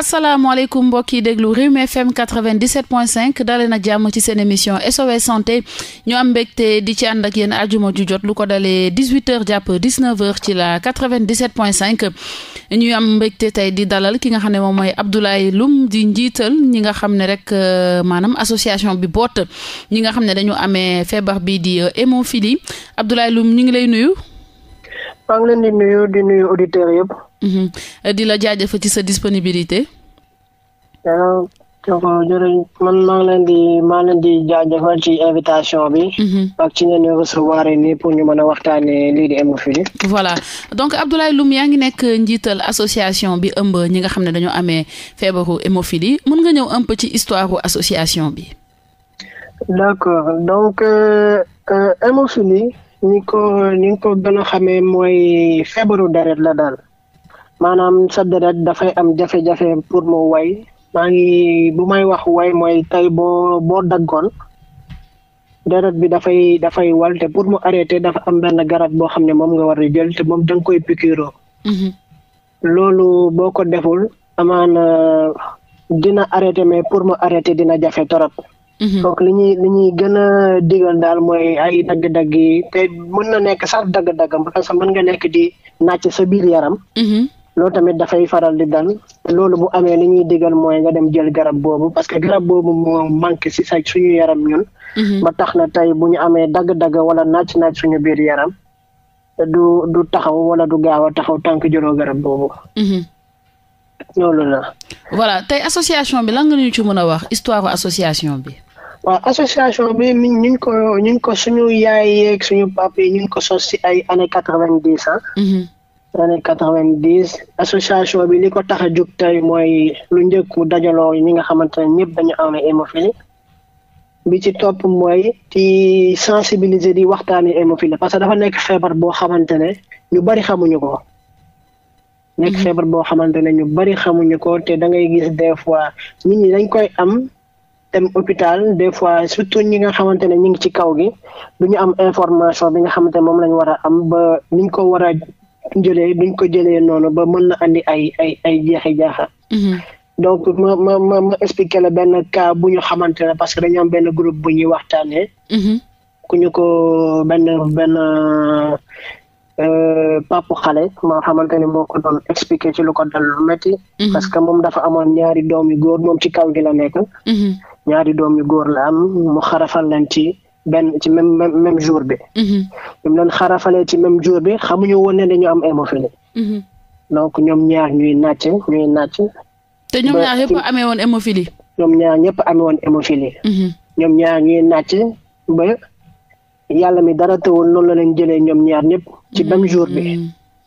asalaamaaleykum mbokk yi déglu Rewmi FM 97.5 dalee na jàmm ci seen émission SOS santé ñu am mbégte di ci ànd ak yéen àjjuma ju jot lu ko dalee 18h jàpp 19h ci la 97.5 ñu am mbégte tey di dalal ki nga xam ne moom mooy Abdoulaye Loum di njiital ñi nga xam ne rek euh, maanaam association bi boot ñi nga xam ne dañu amee feebar bi di euh, hémophilie Abdoulaye Loum ñu ngi lay nuyu. maa ngi leen di yëpp. Mhm. Euh, di la jaajëf ci sa disponibilité. jërëjëf man maa leen di maa leen di jaajëfal ci invitation bi. Mhm. ak ci ngeen ñu mën a waxtaanee lii voilà donc Abdoulaye Loum yaa ngi nekk njiital asociation bi ëmb ñi nga xam ne dañoo amee feebaru hémophilie mën nga ñëw un peu ci histoire association bi. d'accord donc hémophilie. Euh, euh, ñi ko ni nga ko gën a xamee mooy feebaru deret la daal maanaam sa deret dafay am jafe-jafe pour mu way maa ngi bu may wax way mooy tey boo boo daggoon deret bi dafay dafay walte pour mu arrêté dafa am benn garab boo xam ne moom nga war a jël te moom da koy piqûre mm-hmm. loolu boo ko deful amaana dina arrêté mais pour mu arrêté dina jafe torop Mm-hmm. donc li ñuy li ñuy gën a digal daal mooy ay dagg-dagg yi te mën na nekk sax dagg-dagg parce que mën nga nekk di nàcc sa biir yaram. Mm-hmm. loolu tamit dafay faral di dal loolu bu amee li ñuy digal mooy nga dem jël garab boobu parce que garab boobu moo manqué si sa suñu yaram ñun. Mm-hmm. ba tax na tey bu ñu amee dagg-dagg wala nàcc nàcc suñu biir yaram du du taxaw wala du gaaw a taxaw tànk jëloo garab boobu. loolu la. voilà tey association bi lan nga ñu ci mën a wax histoire association bi. waaw association bi ñu ngi ko ñu ngi ko suñu yaay yeeg suñu papa yi ñu ngi ko sos si ay années quatre vingt dix ah. Mhm. année quatre vingt dix association bi li ko tax a jóg tey mooy lu njëkku mu dajaloo ñi nga xamante ne ñëpp dañu am hémophilie bi ci topp mooy ci sensibiliser di waxtaani hémophilie parce que dafa nekk feebar boo xamante ne ñu bari xamuñu ko nekk mhm. feebar boo xamante ne ñu bari xamuñu ko te da ngay gis des fois nit ñi dañ koy am dem hôpital des fois surtout ñi nga xamante ne ñu ngi ci kaw gi du ñu am information bi nga xamante ne moom lañ war am ba niñ ko war a jëlee duñ ko jëlee noonu ba mën na indi ay ay ay jeexi jaaxa mhm. donc ma ma ma ma la benn cas bu ñu xamante ne parce que dañu am benn groupe bu ñuy waxtaanee mhm. ku ñu ko benn benn papa xale ma xamante ni moo ko doon expliqué ci lu ko dal lu mhm. parce que moom dafa amoon ñaari doom yu góor moom ci kaw gi la nekk mhm. ñaari doom yu góor la am mu xarafal leen ci benn ci même même jour bi mhm. ñoom leen xarafalee ci même jour bi xamuñu woon ne dañu am hémophilie donc ñoom ñaar ñuy nàcc ñuy nàcc te ñoom ñaar ñëpp amee woon hémophilie ñoom ñaar ñëpp amee woon hémophilie ñoom ñuy nàcc ba yàlla mi dara teewul noonu la leen jëlee ñoom ñaar ñëpp ci même jour bi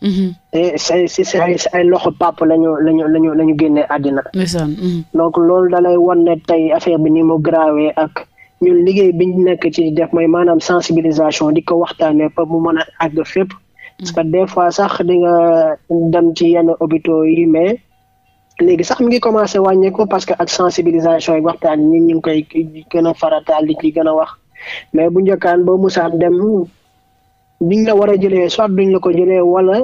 mm-hmm. Mm-hmm. te say si say ay loxo pap lañu lañu lañu la ñu génnee àddina mm-hmm. donc loolu dalay wan ne tey affaire bi ni mu graawee ak ñun liggéey biñ nekk ci def mooy maanaam sensibilisation di ko waxtaanee ba mu mën a àgg fépp parce que des fois sax di nga dem ci yenn hôpitaux yi mais léegi sax mi ngi commencé wàññeeku parce que ak sensibilisation yi waxtaan ñi ñu ngi koy gën a farataal li ci gën a wax mais bu njëkkaan boo musaan dem duñ la war a jëlee soit duñ la ko jëlee wala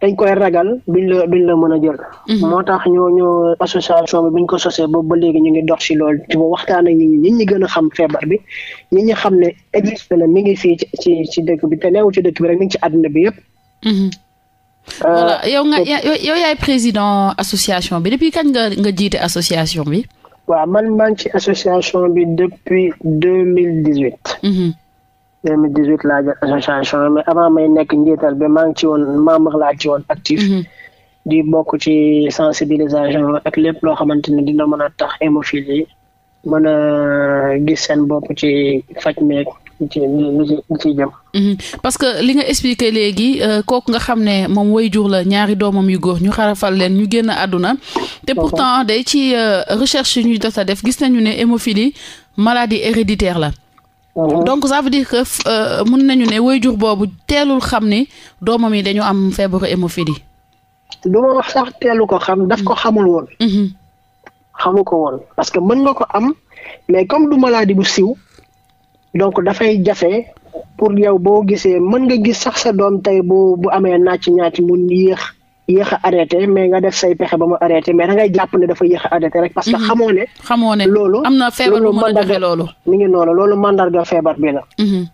dañ koy ragal duñ la duñ la mën a jël. Mhm. moo tax ñoo ñoo association bi buñ ko sosee boobu ba léegi ñu ngi dox si lool ci waxtaan ak nit ñi ñi gën a xam feebar bi ñi ñi xam ne existe na mi ngi fii ci ci dëkk bi te neewu ci dëkk bi rek mi ngi ci àdduna bi yëpp. Mhm. Euh, voilà yow yaay président association bi depuis kañ nga nga jiite association bi. waaw man maa ngi ci association bi depuis deux mille dix huit. Mhm. deux mille dix huit laa jël association mais avant may nekk njiital bi maa ngi ci woon membre laa ci woon actif. Mhm. di bokk ci sensibilisation ak lépp loo xamante ni dina mën a tax hémophiles yi mën a gis seen bopp ci faj meeg. Mhm. parce que li nga expliqué léegi euh, kooku nga xam ne moom way jur la ñaari doomam yu góor ñu xarafal leen ñu génn àdduna te mhm. pourtant day ci euh, recherche yu ñuy jot a def gis nañu ne hémophilie maladie héréditaire la mhm. donc ça veut dire que euh, mun nañu ne way jur boobu teelul xam ni doomam yi dañu am feebaru hémophilie du wax teelu ko xam daf ko xamul woon xamu ko woon parce que mën nga ko am mais comme du maladie bu siw donc dafay jafe pour yow boo gisee mën nga gis sax sa doom tey bu bu amee nàcc ñaati mun yéex yéex a arrêté mais nga def say pexe ba mu arrêté mais dangay ngay jàpp ne dafa yéex a arrêté rek parce que mhm. xamoo ne xamoo ne loolu am na feebar bu mën a joxe loolu mi ngi noonu loolu mandarga feebar bi la mhm.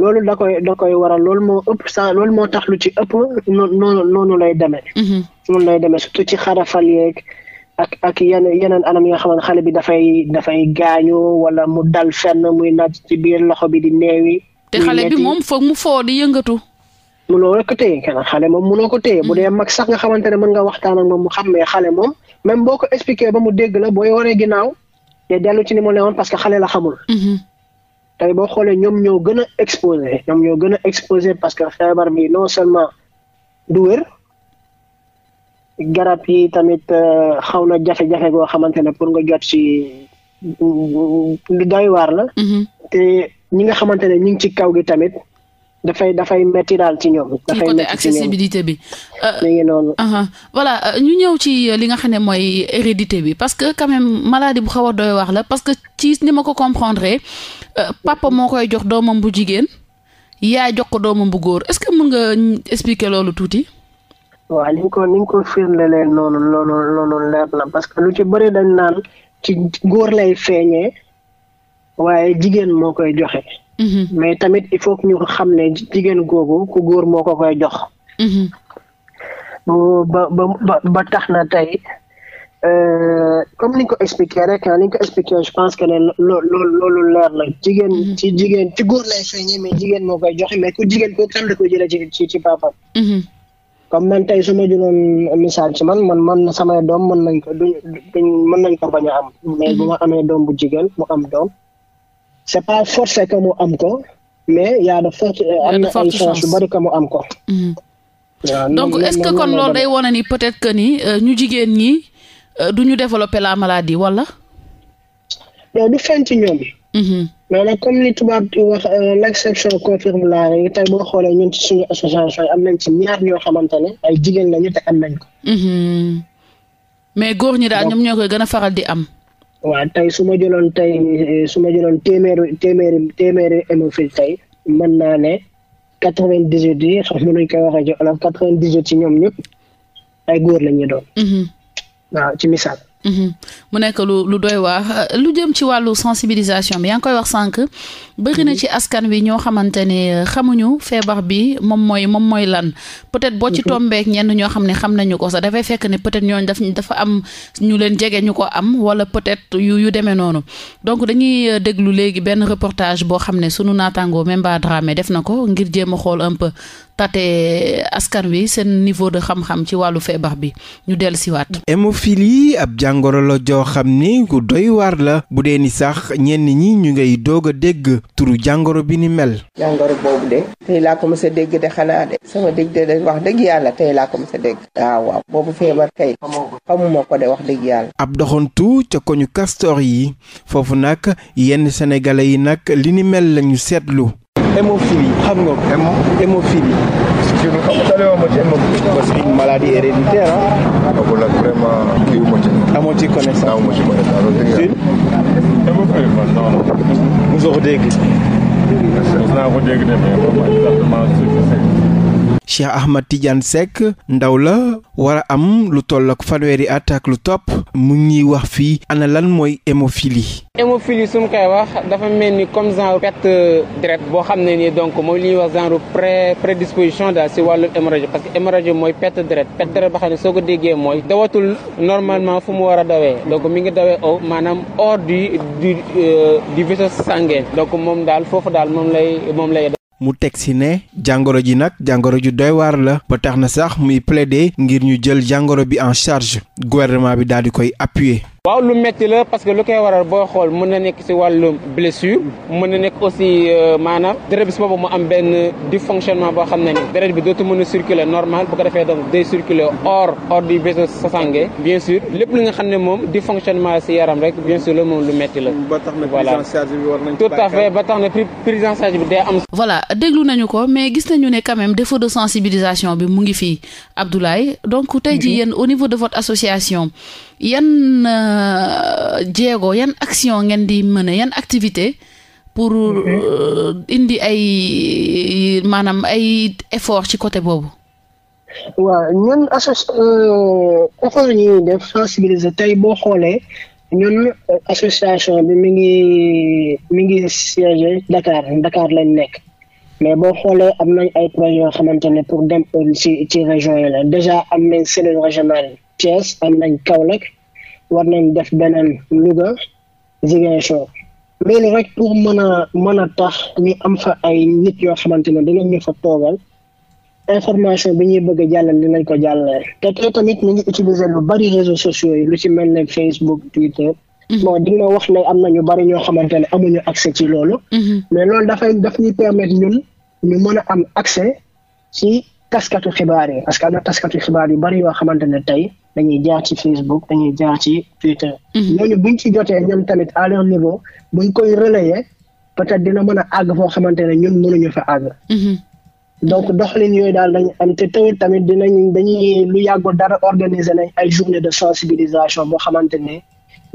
loolu da koy da koy waral loolu moo ëpp sa loolu moo tax ci ëpp noonu noonu lay demee mhm. noonu lay demee surtout ci xarafal yeeg ak ak yenn yeneen anam yi nga xamante xale bi dafay dafay gaañu wala mu dal fenn muy naaj ci biir loxo bi di neewi. te xale bi moom foog mu foo di yëngatu. mënoo rek ko téye kenn xale moom mënoo ko téye bu mm. dee mag sax nga xamante ne mën nga waxtaan ak moom mu xam ne xale moom même boo ko expliqué ba mu dégg la booy waree ginnaaw te dellu ci ni mu ne woon parce que xale la xamul. Mm-hmm. tey boo xoolee ñoom ñoo gën a exposé ñoom ñoo gën a exposé parce que feebar bi non seulement du wér garab yi tamit euh, xaw na jafe-jafe goo xamante ne pour nga jot si mm, lu doy waar la. Mm-hmm. te ñi nga xamante ne ñu ngi ci kaw gi tamit dafay dafay metti daal ci ñoom. dafay metti bi. Euh, mi ngi noonu. Uh-huh. voilà euh, ñu ñëw ci li nga xam ne mooy hérédité bi parce que quand même maladie bu xaw a doy waar la parce que ci ni ma ko comprendre papa moo koy jox doomam bu jigéen yaa jox ko doomam bu góor est-ce que mën nga expliquer loolu tuuti. waa ni nga ko ni nga ko firndelee loolu loolu leer na parce que lu ci bëri dañ naan ci góor lay feeñee waaye jigéen moo koy joxe. Mm-hmm. mais tamit il faut ñu xam ne jigéen googu ku góor moo ko koy jox. Mm-hmm. ba ba ba tax na tey euh, comme ni nga ko expliqué rek ah ni nga ko expliqué je pense que ne loolu loolu na jigéen mm-hmm. ci jigéen ci góor lay feeñee mais jigéen moo koy joxe mais ku jigéen ko kan da koy ci ci comme man tey su ma jëloon misaal ci man man man samay doom mën nañ ko duñ duñ mën nañ ko bañ a am mhm. mais bu ma amee doom bu jigéen mu am doom c'est pas forcé que mu am ko mais yaa de forte am na ay bari que mu am ko mhm. donc est-ce kon loolu day wone ni peut-être que ni euh, ñu jigéen ñi euh, du ñu développer la maladie wala du feeñ ci mais nag comme li tubaab di wax euh, l' exception confirme la règle tey boo xoolee ñun ci suñu association am nañ ci ñaar ñoo xamante ne ay jigéen lañu te am nañ ko. Mm-hmm. mais góor ñi daal ñoom ñoo koy gën a faral di am. waaw tey su ma jëloon tey euh, su ma jëloon téeméeri téeméeri téeméeri hémophile tey mën naa ne quatre vingt dix huit yi xam mënuñ koy waxee ci olof quatre vingt dix huit ci ñoom ñëpp ay góor lañu ñu doon. Mm-hmm. waaw ci misaal. Mhm. mu nekk lu lu doy waar euh, lu jëm ci wàllu sensibilisation bi yaa ngi koy wax sànq bëri na ci askan wi ñoo xamante ne euh, xamuñu feebar bi moom mooy moom mooy lan peut-être boo ci tombeek ñenn ñoo xam ne xam nañu ko sax dafay fekk ne peut-être ñooñu daf dafa am ñu leen jege ñu ko am wala peut-être yu yu demee noonu donc dañuy euh, déglu léegi benn reportage boo xam ne sunu naataangoo Memba Dramé def na ko ngir jéem a xool un peu tate askan wi seen niveau de xam-xam ci wàllu feebar bi ñu dellu siwaat hémophilie ab jàngoro la joo xam ni ku doy waar la bu dee ni sax ñenn ñi ñu ngay dog a dégg turu jàngoro bi ni mel jàngoro tey laa ko mës a dégg de xanaa de sama dégg de de wax dëgg yàlla tey laa ko mës a dégg waaw ah, waaw boobu feebar kay xamuma ko de wax dëgg yàlla ab doxantu ca koñu Castor yi foofu nag yenn sénégalais yi nag li ni mel lañu seetlu hémophilie xam nga ko. hémo hémophilie. je me xam nga ma ci hémophilie. parce que maladie héréditaire ah. kooku nag ma ci. amoo ci connaissance amoo ko dégg. Cheikh Ahmad Tidiane Seck ndaw la war a am lu toll ak fanweeri at lu topp mu ngi wax fii ana lan mooy hémophilie. hémophilie su ma koy wax dafa mel ni comme genre perte deret boo xam ne nii donc mooy lu ñuy wax genre pré prédisposition daal si wàllu hémorragie parce que hémorragie mooy perte deret perte deret ba xam ne soo ko déggee mooy dawatul normalement fu mu war a dawee donc mi ngi dawee au maanaam hors du du euh, di vaisseau sanguin donc moom daal foofu daal moom lay. mu teg si ne jàngoro ji nag jàngoro ju doy waar la ba tax na sax muy plaider ngir ñu jël jàngoro bi en charge gouvernement bi daal di koy appuyer. waaw lu metti la parce que lu koy waral boo xool mën na nekk si wàllum blessure mën na nekk aussi euh, maanaam deret bi si boppam mu am benn dysfonctionnement boo xam ne ni deret bi dootu mën a circuler normal bu ko defee donc day circuler hors hors du vaisseau sanguin bien li nga xam ne moom dysfonctionnement si yaram rek bien sûr la moom lu metti la. ba na prise en charge bi war nañ tout à fait ba tax na prise en charge bi day am. voilà déglu nañu ko mais gis nañu ne quand même défaut de sensibilisation bi mu ngi fii Abdoulaye donc tey jii yenn au niveau de votre association. yan euh, jéego yan action ngeen di mener yan activité pour euh, indi ay maanaam ay effort ci côté boobu waa ñun associ euh, effort yi ñuy def sensibiliser tey boo xoolee ñun association bi mu ngi mi ngi siège Dakar Dakar lañ nekk mais boo xoolee am nañ ay projet yoo xamante ne pour dem ci ci région yi la déjà am nañ cellule régionale Thiès am nañ Kaolack war nañ def beneen Louga Ziguinchor loolu rek pour mën a mën a tax ñu am fa ay nit yoo xamante ne dinañ ñu fa toogal information bi ñuy bëgg a jàllale dinañ ko jàll te te tamit ñu ngi utiliser lu bari réseaux sociaux yi lu ci mel ne Facebook Twitter. Mhm. bon di nga wax ne am na ñu bari ñoo xamante ne amuñu accès ci loolu. Mhm. mais loolu dafay daf ñuy permettre ñun ñu mën a am accès ci taskatu xibaar yi parce que am na taskatu xibaar yu bari yoo xamante ne tey dañuy jaar ci Facebook dañuy jaar ci Twitter. ñooñu mhm. buñ ci jotee ñoom tamit à leur niveau buñ koy relayer peut-être dina mën a àgg foo xamante ne ñun mënuñu fa àgg. Mhm. donc doxalin yooyu daal dañu am te tamit tamit dinañ dañuy lu yàggul dara organiser nañ ay journée de sensibilisation boo xamante ne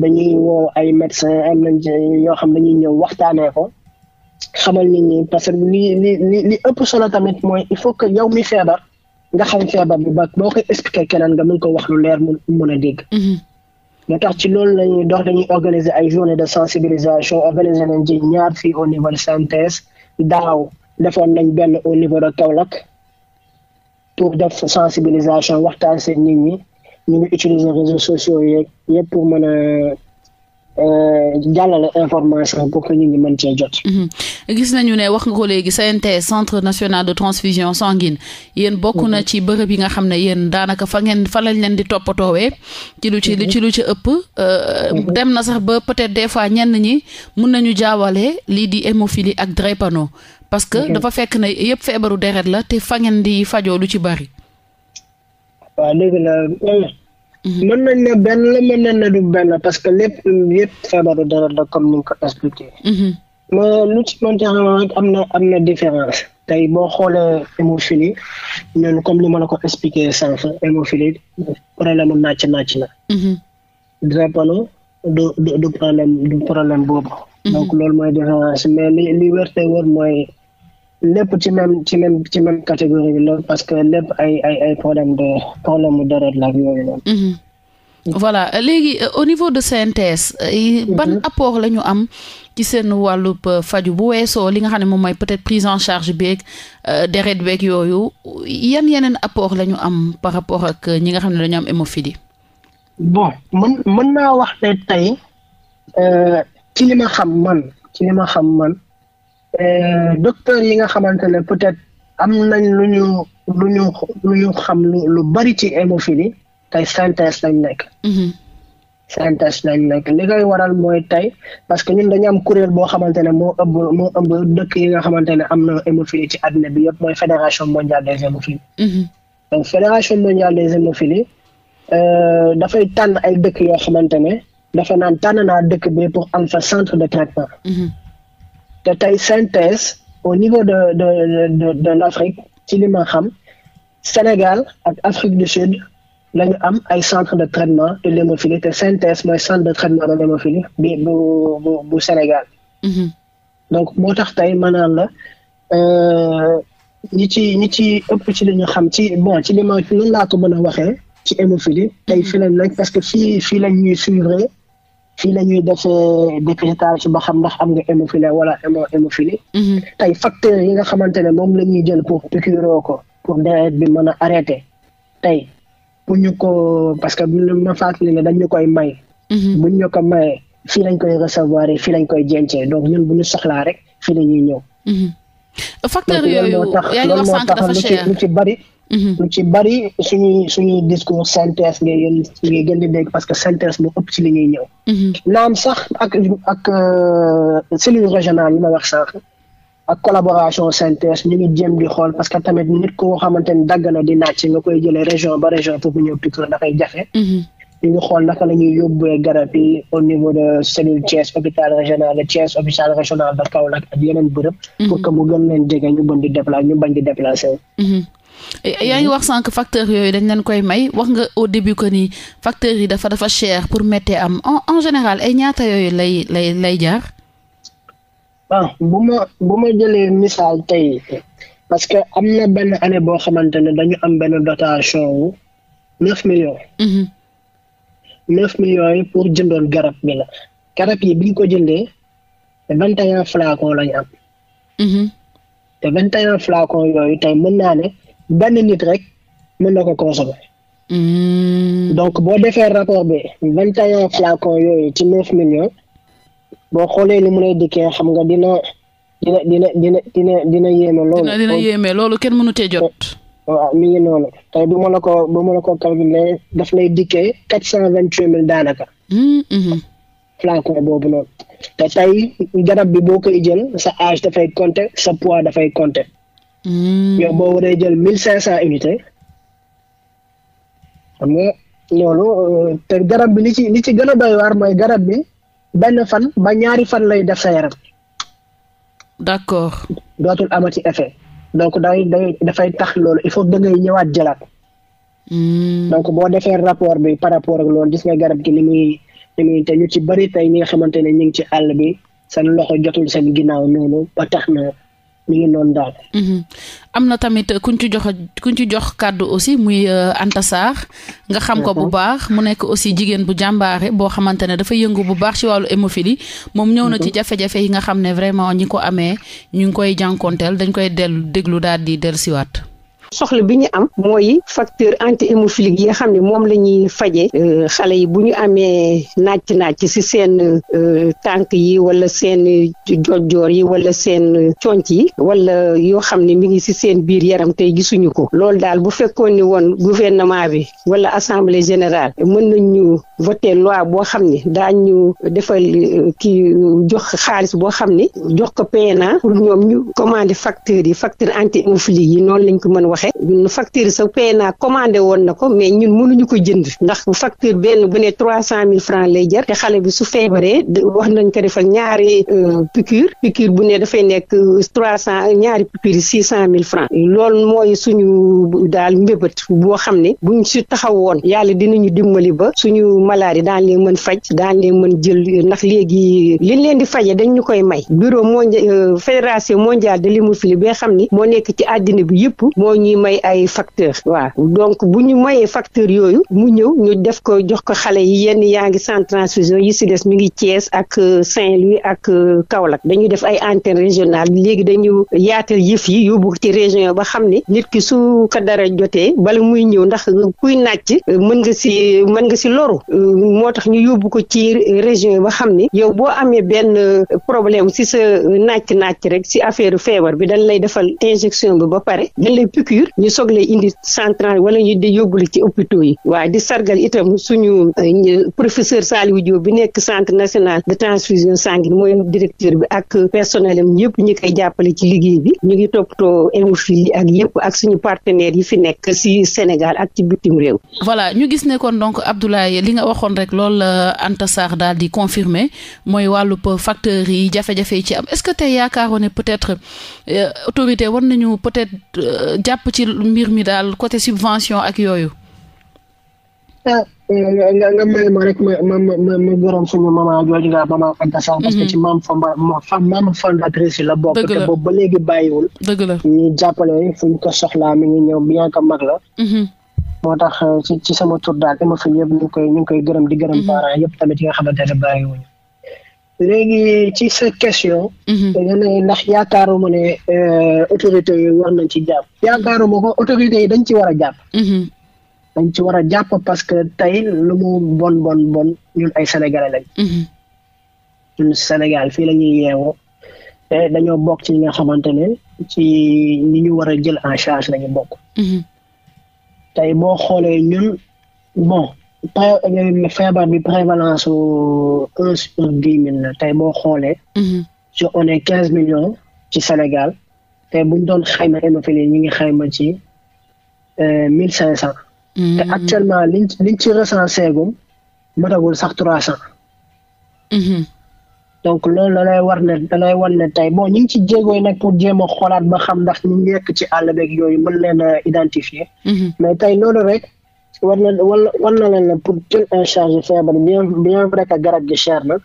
dañuy woo ay médecins am nañ yoo xam dañuy ñëw waxtaanee ko. xamal nit ñi parce que li li li li ëpp solo tamit mooy il faut que yow mi feebar nga xam feebar bi ba boo koy expliquer keneen nga mën ko wax lu leer mun mun a dégg. Mm-hmm. moo tax ci loolu lañuy dox dañuy organiser ay journée de sensibilisation organiser nañ ci ñaar fii au niveau de Santès daaw defoon nañ benn au niveau de Kaolack pour def sensibilisation waxtaan seen nit ñi ñu ngi utiliser réseaux sociaux yeeg yëpp pour mën a. Euh, jàllale information pour que ñu ngi mën cee jot. Mhm. gis nañu ne wax nga ko léegi CNTS centre national de transfusion sanguine yéen bokk na ci bërëb yi nga xam ne yéen daanaka fa ngeen fa lañ leen di toppatoowee ci lu ci mhm. ci lu ci ëpp. Euh, mhm. dem na sax ba peut-être des fois ñenn ñi mun nañu jaawale lii di hémophilie ak drépano parce que dafa fekk ne yëpp feebaru deret la te fa ngeen di fajoo lu ci bari. Mhm. mën nañ ne benn la mën nañ ne du benn parce que lépp yëpp feebaru deret la comme ni nga ko expliqué. Mhm. mais lu ci mën ci xam rek am na différence tey boo xoolee hémophilie ñun comme li ma la ko expliqué sànq hémophilie problème mu nàcc nàcc la. Mhm. drépano du du du problème du problème boobu. donc loolu mooy différence mais li li mooy. lépp ci même ci même ci même catégorie bi la parce que lépp ay ay ay problème de problème mu deret la ak yooyu mhm. voilà léegi euh, au niveau de CNTS. Euh, mhm. ban apport la ñu am ci seen wàllub euh, faju bu weesoo li nga xam ne moom mooy peut-être prise en charge beeg deret beeg yooyu yan yeneen apport lañu am par rapport ak ñi nga xam ne dañu am fidi bon mën mën naa wax ne tey ci li ma xam man ci li ma xam man. Euh, docteur yi nga xamante ne peut-être am nañ lu ñu lu ñu lu ñu xam lu lu bari ci hémophilie tey synthèse lañ nekk. Mhm. synthèse lañ nekk li koy waral mooy tey parce que ñun dañu am kuréel boo xamante ne moo ëmb moo ëmb dëkk yi nga xamante ne am na hémophilie ci àddina bi yëpp mooy fédération mondiale des hémophiles. Mhm. donc fédération mondiale des euh, dafay tànn ay dëkk yoo xamante ne dafa naan tànn naa dëkk bi pour am fa centre de traitement. Mhm. te tey synthèse au niveau de de de l'Afrique ci liman xam Sénégal ak Afrique du Sud lañu am ay centre de traitement de l'hémophilie te synthèse mooy centre de traitement de l'hémophilie bi bu Sénégal. Mhm. donc moo tax tey maanaam la euh, ñi ci ñi ci ëpp li ñu xam ci bon ci li ma laa ko mën a waxee ci hémophilie tey fii lañ parce que fii fii lañ ñuy suivre. fii la ñuy defee dépistage ba xam ndax am nga hémophilie wala hémo hémophilie. Mhm. tey facteurs yi nga xamante ne moom la ñuy jël pour piqûre ko pour deret bi mën a arrêté tey bu ñu ko parce que bu ma fàttali ne dañ ñu koy may. Mhm. bu ñu ko mayee fii lañ koy recevoir fii lañ koy jëncee donc ñun bu ñu soxlaa rek fii la ñuy ñëw. Mhm. facteur yooyu yaa ngi wax sànq dafa cher lu ci bari. Mm-hmm. lu ci bari suñu suñuy discours synthèse ngay yéen ngay gën di dégg parce que synthèse moo ëpp ci li ñuy ñëw. Mm-hmm. naam sax ak ak euh, cellule régionale yi ma wax sànq ak collaboration synthèse ñu ngi jëm di xool parce que tamit nit koo xamante ni dagg na di naaj nga koy jëlee région ba région pour mu ñëw Pikine dafay jafe. Mm-hmm. ñu ngi xool naka la ñuy yóbbuwee garab yi au niveau de cellule Thiès hôpital régional de Thiès hôpital régional de Kaolack ak yeneen bërëb. pour que mu gën leen jege ñu bañ di déplacé ñu bañ di déplacé. Eh, yaa ngi wax sànq facteur yooyu dañ leen koy may wax nga au début que ni facteur yi dafa dafa cher pour métier am en général ay ñaata yooyu lay lay lay jaar. bon ah, bu ma bu ma jëlee misaal tey parce que am na benn année boo xamante ne dañu am benn dotation wu neuf millions. Mhm. neuf yi pour jëndoon garab bi la garab yi bi ko jëndee vingt et un flacon la ñu am. Mhm. te vingt et flacon yooyu tey mën naa ne. benn nit rek mën na ko consommer. Hmm. donc boo defee rapport bi vingt et un yooyu ci neuf millions boo xoolee ni mu lay dikkee xam nga dina dina dina dina dina dina yéeme loolu. dina dina loolu kenn mënu cee jot. waaw mi ngi noonu tey bu ma la ko bu ma la ko daf lay dikkee quatre cent vingt huit mille daanaka. Hmm, hmm. flacon boobu noonu ta tey garab bi boo koy jël sa âge dafay compter sa pois dafay compter. Mm. yow boo waree jël mille cinq cent unités xam loolu euh, te garab bi li ci li ci gën a doy waar mooy garab bi benn fan ba ñaari fan lay def sa yaram. d'accord. dootul amati effet donc day day dafay tax loolu il faut da ñëwaat jëlaat. Mm. donc boo defee rapport bi par rapport ak loolu gis nga garab gi ni muy ni muy te ñu ci bari tey ñi nga xamante ne ñu ngi ci àll bi seen loxo jotul seen ginnaaw noonu ba tax na. mi ngi noonu daal. Mhm. am na tamit kuñ ci jox kuñ ci jox kàddu aussi muy euh, Anta Sarr nga xam ko bu mhm. baax mu nekk aussi jigéen bu jàmbaare boo xamante ne dafa yëngu bu baax ci wàllu hémophilie moom ñëw na ci mhm. jafe-jafe yi nga xam ne vraiment ñi ko amee ñu ngi koy jànkonteel dañ koy dellu déglu daal di dellusiwaat. soxla bi ñu am mooy facteur anti-hémophilique yi nga xam ne moom la ñuy fajee euh, xale yi bu ñu amee nàcc nàcc ci seen euh, tànk yi wala seen jojjoor yi wala seen conc yi wala yoo xam ne mi ngi ci seen biir yaram tey gisuñu ko loolu daal bu fekkoon ni woon gouvernement bi wala assemblée générale mën nañu voter loi boo xam ne ñu defal euh, kii jox xaalis boo xam ni jox ko PNA pour ñoom ñu commander facteurs yi facteur anti-hémophilique yi noonu lañ ko mën wax waxee ñun facture sa PNA commandé woon na ko mais ñun mënuñu ko jënd ndax facture benn bu ne trois cent mille francs lay jar xale bi su feebaree wax nañ ko defal ñaari euh, piqûre piqûre bu ne dafay nekk euh, trois cent ñaari piqûre yi six cent mille francs loolu mooy suñu daal mbébét boo xam ne buñ si taxaw woon yàlla dinañu dimbali ba suñu malade daan leen mën faj daan mën jël ndax léegi liñ leen di faje dañ ñu koy may bureau mondial euh, fédération mondiale de l'hémophilie bi nga xam ni moo nekk ci àddina bi yëpp moo ñuy may ay facteur waaw donc bu ñu mayee facteurs yooyu mu ñëw ñu def ko jox ko xale yi yenn yaa ngi sans transfusion yi si des mi ngi Thiès ak euh, Saint-Louis ak euh, Kaolack dañuy def ay antenne régionale léegi dañu yaatal yëf yi yóbbu ci région ba xam ne nit ki su ko jotee bala muy ñëw ndax kuy nàcc euh, mën nga si mën nga si loru moo tax ñu yóbbu ko ci région ba xam ni yow boo amee benn problème si sa nàcc nàcc rek si affaire feebar bi dañ lay defal injection bi ba pare dañ lay piqûre piqûre ñu soog indi central wala ñu di yóbbu ci hôpitaux yi waaye di sargal itam suñu eh, professeur Saliou Diop bi nekk centre national de transfusion sanguine mooy directeur bi ak personnel ci liggéey bi ñu ngi toppatoo hémophilie ak yëpp ak suñu yi fi nekk si Sénégal ak ci bitim réew. voilà ñu gis ne kon donc Abdoulaye li nga waxoon rek lool Anta Sarr daal di confirmer mooy wàllub facteurs yi jafe-jafe yi ci am est-ce que tey yaakaaroon peut-être eh, autorité war nañu peut-être euh, jàpp jàpp ci mbir mi daal côté subvention ak yooyu. Ah, eh, nga nga may ma ma ma ma ma gërëm suñu maman jooju nga parce que mhm. ci maam Famba maam fondatrice la bokk. dëgg la te boobu ba léegi bàyyiwul. dëgg la ñu jàppale fu ñu ko soxlaa mi ngi ñëw bien que mag la. Mhm. moo tax eh, ci ci sama tur daal dama fi yëpp ñu koy gërëm di gërëm mhm. parents yëpp tamit yi nga bàyyiwuñu. léegi ci sa question. da mhm. nga ne ndax yaakaaruma ne euh, autorité yi war nañ ci jàpp. yaakaaruma ko autorité yi dañ ci war a jàpp. Mhm. dañ ci war a jàpp parce que tey lu mu bon bon bon ñun ay sénégalais lañ. Mhm. ñun Sénégal fii la ñuy dañoo bokk ci ñi nga xamante ne ci ni ñu war a jël en charge la ñu bokk. tey boo xoolee ñun bon. Eh, feebar bi prévalence su un sur dix mille na tey boo xoolee. Mhm. su on est quinze millions ci Sénégal te buñ doon xayma hémophilie ñi ngi xayma ci euh, mille cinq cent. Mhm. te actuellement li liñ ci recensé gum matagul sax trois cent. Mhm. donc loolu da lay war ne da lay war ne tey bon ñu ci jéego yi nag pour jéem a xoolaat ba xam ndax ñu nekk ci àll beeg yooyu mën leen a identifier. mais tey loolu rek. war na war na leen pour jël en charge feebar bien bien vrai que garab gi cher na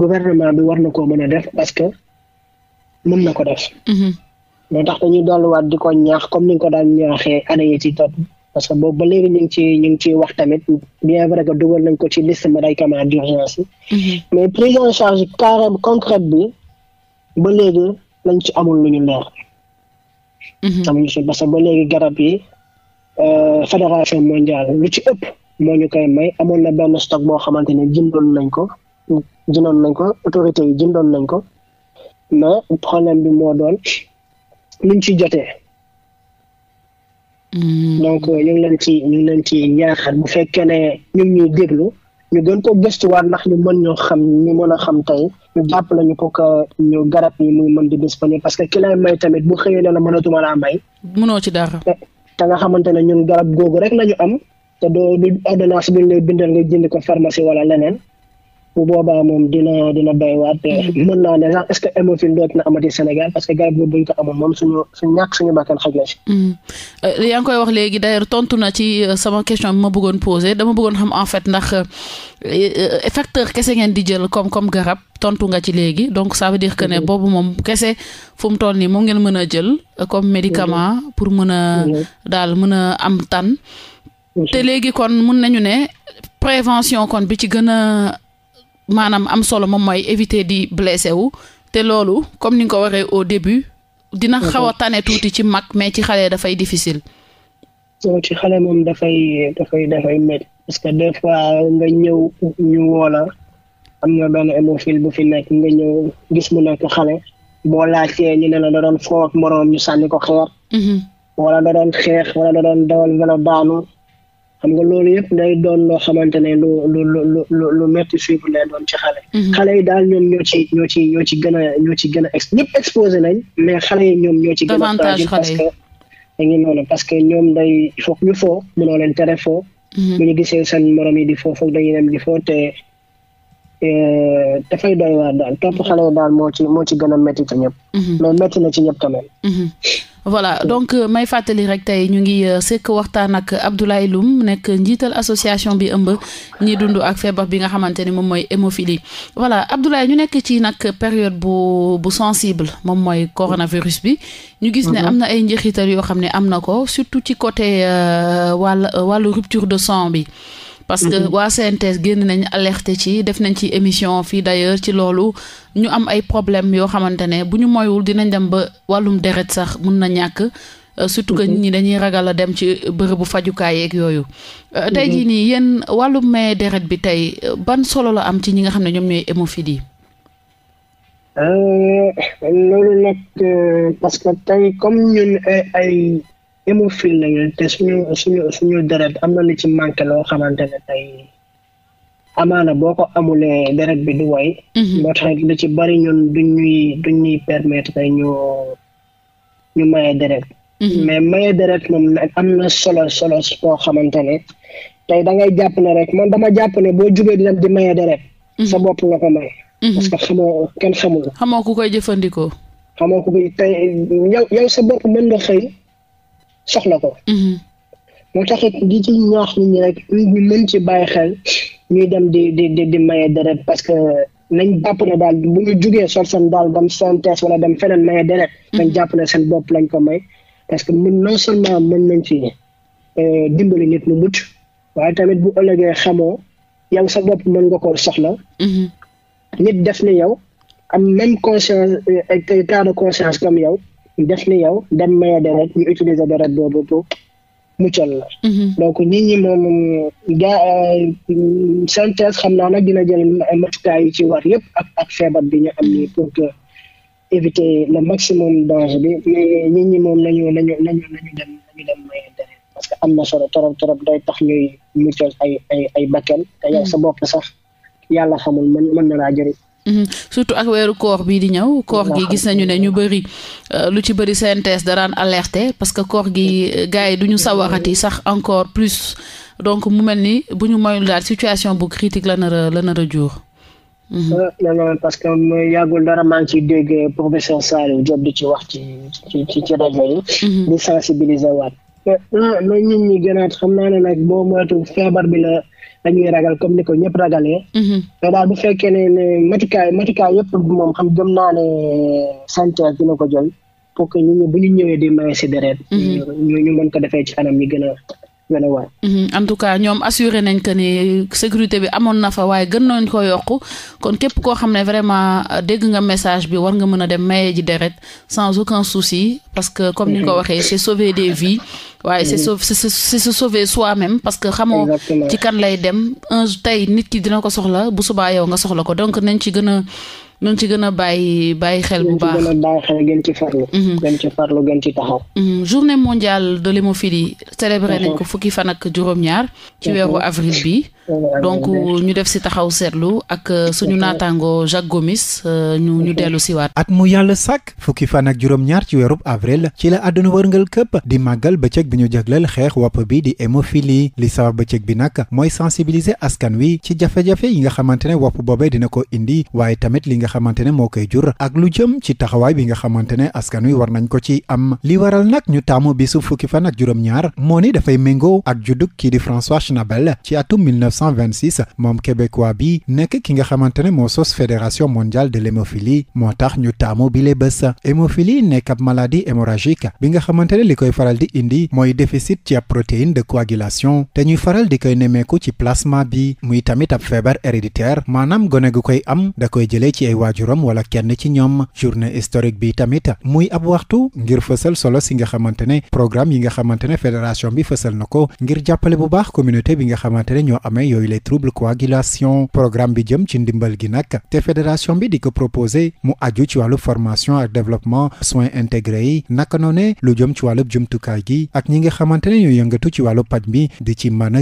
gouvernement bi war na koo mën a def parce que mën na ko def. Mhm. moo tax dañuy dolliwaat di ko ñaax comme ni nga ko daan ñaaxee année yi ci topp parce que boobu ba léegi ñu ngi ciy ñu ngi ciy wax tamit bien vrai que dugal nañ ko ci liste médicament d'urgence yi. Mhm. mais prise en charge carrément concrète bi ba léegi lañ ci amul lu ñu leer. Mhm. amuñu si parce que ba léegi garab yi Euh, fédération mondial lu ci ëpp moo ñu koy may amoon na benn stock boo xamante ne jëndoon nañ ko jëndoon nañ ko autorités yi jëndoon nañ ko mais problème bi moo doon luñ ci jotee. Hmm. donc euh, ñu leen ci ñu leen ci ñaaxal bu fekkee ne ñu ngi ñuy déglu ñu gën ko gëstuwaat ndax ñu mën ñoo xam ñu mën a xam tey ñu jàpp lañu pour que ñu garab yi muy mën di disponible parce que ki lay may tamit bu xëyee ne la mënatuma laa may. mënoo ci dara. Eh, te nga xamante ne ñun garab googu rek la ñu am te doo du ordonnance bi lay bindal nga jënd ko pharmacie wala leneen bu boobaa mm-hmm. ko amoon moom suñu suñu ñàkk suñu na si. Mm-hmm. Euh, yaa ngi koy wax léegi d'ailleurs tontu na ci euh, sama question ma bëggoon poser dama bëggoon xam en fait ndax euh, facteur kese ngeen di jël comme comme garab tontu nga ci léegi donc ça veut dire que ne mm-hmm. boobu moom kese fu mu toll nii moom ngeen mën a jël kom médicament pour mën a daal mën a am tan te léegi kon mun nañu ne prévention kon bi ci gën maanaam am solo moom mooy éviter di blessé wu te loolu comme ni nga ko waxee au début dina xaw a tane tuuti ci mag mais ci xale dafay difficile soo ci xale moom dafay dafay dafay métti parce que des fois nga ñëw ñu woola am na benn hémophile bu fi nekk nga ñëw gis mu nekk xale boo laajtee ñu ne la da doon foo moroom ñu sànni ko xeer mhm. wala da xeex wala da daanu xam nga loolu yëpp day doon loo xamante ne lu lu lu lu lu metti suivre doon ci xale. Mhm. xale yi daal ñoom ñoo ci ñoo ci ñoo ci gën a ci gën a ñëpp exposé nañ mais xale yi ñoom ñoo ci gën a fragile parce que da ngeen noonu parce que ñoom day il ñu foo mënoo leen tere foo. Mhm. bu ñu gisee seen morom yi di foo foog dañuy dem di foo te dafay doy waar daal topp xale yi daal moo ci moo ci gën a métti ci ñëpp. Mhm. mais métti na ci ñëpp tamit. voilà donc euh, may fàttali rek tey ñu ngi euh, sekk waxtaan ak Abdoulaye Loum nekk njiital association bi ëmb ñi dund ak feebar bi nga xamante ni moom mooy hémophilie voilà Abdoulaye ñu nekk ci nag période bu bu sensible moom mooy coronavirus bi ñu gis ne mhm. am na ay njeexital yoo xam ne am na ko surtout ci côté euh, wàll wàllu rupture de sang bi parce que mhm. waa CNTS génn nañ alerte ci def nañ ci émission fii d'ailleurs ci loolu ñu am ay problème yoo xamante ne bu ñu moywul dinañ dem ba wàllum deret sax mun na ñàkk euh, surtout que nit mhm. ñi dañuy ragal a dem ci bërëbu fajukaay yeeg yooyu euh, mhm. tey jii nii yéen wàllum maye deret bi tey ban solo la am ci ñi nga xam ne ñoom ñooy hémophiles yi euh, loolu hémophile nañu te suñu suñu suñu deret am na lu ci manqué loo xamante ne tey amaana boo ko amulee deret bi du way mhm. ci bari ñun duñ ñuy duñ ñuy permettre ñu ñu maye deret mhm. mais maye deret moom nag am na solo solo boo xamante ne tey da jàpp ne rek man dama jàpp ne boo jugee di dem di maye deret mhm. sa bopp nga ko may parce xamoo kenn xamul xamoo ku koy jëfandikoo xamoo sa bopp mën nga xëy soxla ko. Mhm. moo taxit di ci ñaax nit ñi rek ñu mën ci bàyyi xel ñuy dem di di di maye deret parce que nañ jàpp ne daal bu ñu jugee sol seen daal dem seen wala dem feneen maye deret. Mhm. nañ jàpp ne seen bopp lañ ko may parce que mën non seulement mën nañ ci euh, dimbali nit mu mucc waaye tamit bu ëllëgee xamoo yow sa bopp mën nga soxla. Mhm. nit def ne yow am même conscience euh, cas de conscience comme yow. def ni yow dem maye deret ñu utiliser deret boobu pour la mhm. donc nit ñi moom gaa euh, synthèse xam naa nag dina jël matukaay yi ci war yëpp ak ak feebar bi ñu am nii pour que éviter le bi nit ñi moom nañu nañu nañu nañu parce que am na solo trop trop day tax ñuy muccal ay ay ay bakkan te yow sa sax yàlla xamul mën mën na laa jëriñ Mhm. surtout ak weeru koor bii di ñëw koor gi gis nañu ne ñu bëri euh, lu ci bëri CNTS daraan alerté parce que koor gi euh, gars yi du ñu sawarati sax encore plus donc mu mel ni bu ñu moyul daal situation bu critique la na la na a jur mhm. euh, non parce que yàggul dara maa ci ciy dégg professeur Saliou Diop di ci wax ci ci ci rajo yi mhm. di sensibiliser waat ñun ñi gënaat xam naa ne nag boo moytu feebar bi la dañuy ragal comme ni ko ñëpp ragalee. Mhm. mais daal bu fekkee ne ne matukaay matukaay yëpp moom xam gëm naa ne santé dina ko jël pour que ñun bu ñu ñëwee di maye si mhm. ñu ñu mën ko defee ci anam yi gën a. gën mhm. en tout cas ñoom assuré nañ que ni sécurité bi amoon na fa waaye gën nañ ko yokk kon képp koo xam ne vraiment euh, dégg nga message bi war nga mën a dem maye ji deret sans aucun souci parce que comme ni nga ko mhm. waxee c'est sauver des vies waaye c'est mhm. sauver c'est se sauver même parce que xamoo ci kan lay dem un tey nit ki dina ko soxla bu subaa yow nga soxla ko donc nañ ci gën a noonu ci gën a bàyyi bàyyi xel bu baax gën a bàyyi xel gën ci farlu. Mhm. gën ci farlu mhm. journée mondiale de l'hémophilie célébré nañ ko mhm. fukki fan ak juróom-ñaar. ci weeru avril bi. donc ñu def si taxaw seetlu ak euh, suñu naataango Jacques Gomis euh, ñu ñu dellu si waat. at mu yàlla sàkk fukki fan ak juróom-ñaar ci weerub avril ci la àdduna wërngal këpp di màggal bëccëg bi ñu jagleel xeex wopp bi di hémophilie li sabab bëccëg bi nag mooy sensibiliser askan wi ci jafe-jafe yi nga xamante ne wopp boobee dina ko indi waaye nga xamante ne moo koy jur ak lu jëm ci taxawaay bi nga xamante ne askan wi war nañ ko ci am li waral nag ñu taamu bisu fukki fan ak juróom-ñaar moo ni dafay méngoo ak juddug kii di François Schnabel ci atum moom québécois bi nekk ki nga xamante ne moo sos fédération mondiale de l'hémophilie moo tax ñu taamu bile bés hémophilie nekk ab maladie hémorragique bi nga xamante ne li koy faral di indi mooy déficit ci ab protéine de coagulation te ñuy bi muy tamit ab feebar héréditaire maanaam waajuram wala kenn ci ñoom journée historique bi tamit muy ab waxtu ngir fësal solo si nga xamante ne programme yi nga xamante fédération bi fësal na ko ngir jàppale bu baax communauté bi nga xamante ne ñoo amee yooyu les troubles coagulation programme bi jëm ci ndimbal gi nag te fédération bi di ko proposé mu aju ci wàllu formation ak développement soins intégrés yi naka noone lu jëm ci wàllu jumtukaay gi ak ñi nga xamante ne ñoo ci wàllu paj ci mën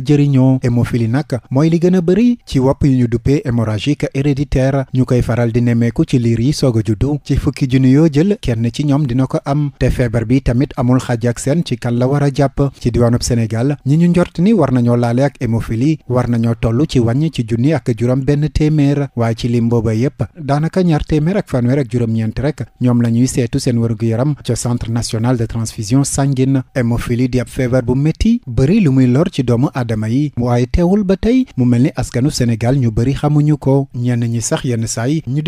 a a nemmeeku ci liir yi soog a juddu ci fukki junni yoo jël kenn ci ñoom dina ko am te feebar bi tamit amul xaaj ak seen ci kan la war a jàpp ci diwaanub Sénégal ñi ñu njort ni war nañoo laale ak hémophilie war nañoo toll ci wàññ ci junni ak juróom benn téeméer waaye ci lim booba yépp daanaka ñaar téeméer ak fanweer ak juróom-ñeent rek ñoom la ñuy seetu seen wërgu yaram ca centre national de transfusion sanguine hémophilie di ab feebar bu métti bëri lu muy lor ci doomu aadama yi waaye teewul ba tey mu mel ni askanu Sénégal ñu bëri xamuñu ko